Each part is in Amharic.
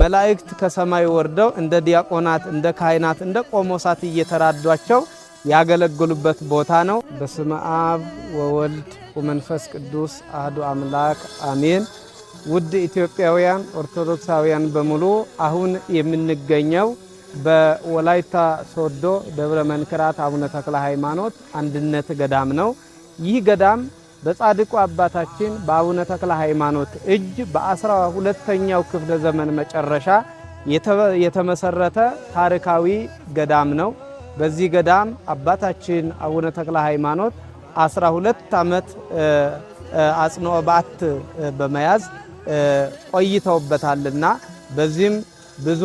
መላእክት ከሰማይ ወርደው እንደ ዲያቆናት፣ እንደ ካህናት፣ እንደ ቆሞሳት እየተራዷቸው ያገለግሉበት ቦታ ነው። በስመ አብ ወወልድ ወመንፈስ ቅዱስ አህዱ አምላክ አሜን። ውድ ኢትዮጵያውያን ኦርቶዶክሳውያን በሙሉ አሁን የምንገኘው በወላይታ ሶዶ ደብረ መንክራት አቡነ ተክለ ሃይማኖት አንድነት ገዳም ነው። ይህ ገዳም በጻድቁ አባታችን በአቡነ ተክለ ሃይማኖት እጅ በአስራ ሁለተኛው ክፍለ ዘመን መጨረሻ የተመሰረተ ታሪካዊ ገዳም ነው። በዚህ ገዳም አባታችን አቡነ ተክለ ሃይማኖት 12 ዓመት አጽንኦ በዓት በመያዝ ቆይተውበታልና በዚህም ብዙ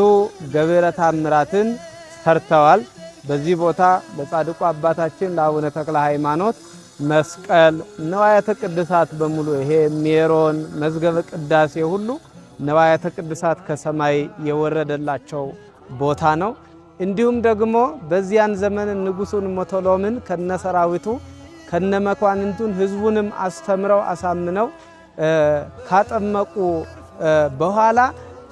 ገቢረ ተአምራትን ሰርተዋል። በዚህ ቦታ ለጻድቁ አባታችን ለአቡነ ተክለ ሃይማኖት መስቀል፣ ነዋያተ ቅድሳት በሙሉ ይሄ ሜሮን፣ መዝገበ ቅዳሴ ሁሉ ነዋያተ ቅድሳት ከሰማይ የወረደላቸው ቦታ ነው። እንዲሁም ደግሞ በዚያን ዘመን ንጉሱን ሞቶሎምን ከነሰራዊቱ ከነመኳንንቱን ህዝቡንም አስተምረው አሳምነው ካጠመቁ በኋላ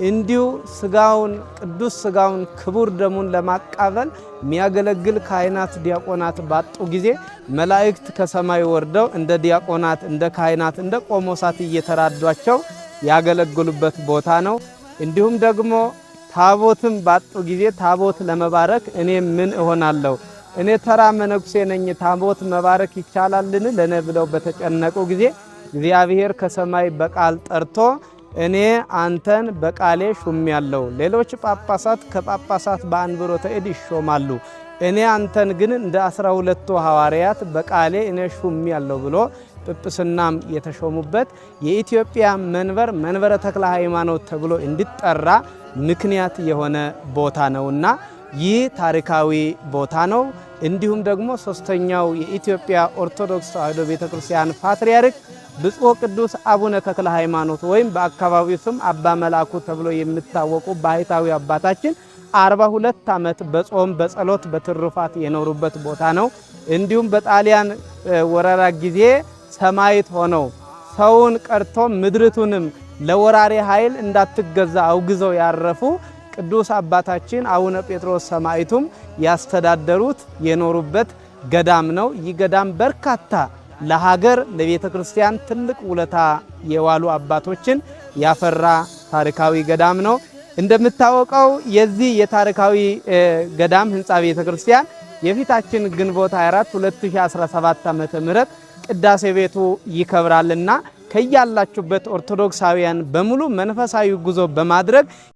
እንዲሁ ስጋውን ቅዱስ ስጋውን ክቡር ደሙን ለማቃበል የሚያገለግል ካህናት ዲያቆናት ባጡ ጊዜ መላእክት ከሰማይ ወርደው እንደ ዲያቆናት እንደ ካህናት እንደ ቆሞሳት እየተራዷቸው ያገለግሉበት ቦታ ነው። እንዲሁም ደግሞ ታቦትም ባጡ ጊዜ ታቦት ለመባረክ እኔ ምን እሆናለሁ? እኔ ተራ መነኩሴ ነኝ፣ ታቦት መባረክ ይቻላልን? ለነ ብለው በተጨነቁ ጊዜ እግዚአብሔር ከሰማይ በቃል ጠርቶ እኔ አንተን በቃሌ ሹም ያለው ሌሎች ጳጳሳት ከጳጳሳት በአንብሮተ እድ ይሾማሉ፣ እኔ አንተን ግን እንደ አስራ ሁለቱ ሐዋርያት በቃሌ እኔ ሹም ያለው ብሎ ጵጵስናም የተሾሙበት የኢትዮጵያ መንበር መንበረ ተክለ ሃይማኖት ተብሎ እንዲጠራ ምክንያት የሆነ ቦታ ነውና ይህ ታሪካዊ ቦታ ነው። እንዲሁም ደግሞ ሶስተኛው የኢትዮጵያ ኦርቶዶክስ ተዋሕዶ ቤተክርስቲያን ፓትርያርክ ብፁዕ ቅዱስ አቡነ ተክለ ሃይማኖት ወይም በአካባቢው ስም አባ መልአኩ ተብሎ የሚታወቁ ባህታዊ አባታችን አርባ ሁለት ዓመት በጾም በጸሎት በትሩፋት የኖሩበት ቦታ ነው። እንዲሁም በጣሊያን ወረራ ጊዜ ሰማይት ሆነው ሰውን ቀርቶ ምድርቱንም ለወራሪ ኃይል እንዳትገዛ አውግዘው ያረፉ ቅዱስ አባታችን አቡነ ጴጥሮስ ሰማይቱም ያስተዳደሩት የኖሩበት ገዳም ነው። ይህ ገዳም በርካታ ለሀገር ለቤተ ክርስቲያን ትልቅ ውለታ የዋሉ አባቶችን ያፈራ ታሪካዊ ገዳም ነው። እንደምታወቀው የዚህ የታሪካዊ ገዳም ህንፃ ቤተ ክርስቲያን የፊታችን ግንቦት 24 2017 ዓ.ም ቅዳሴ ቤቱ ይከብራልና ከያላችሁበት ኦርቶዶክሳውያን በሙሉ መንፈሳዊ ጉዞ በማድረግ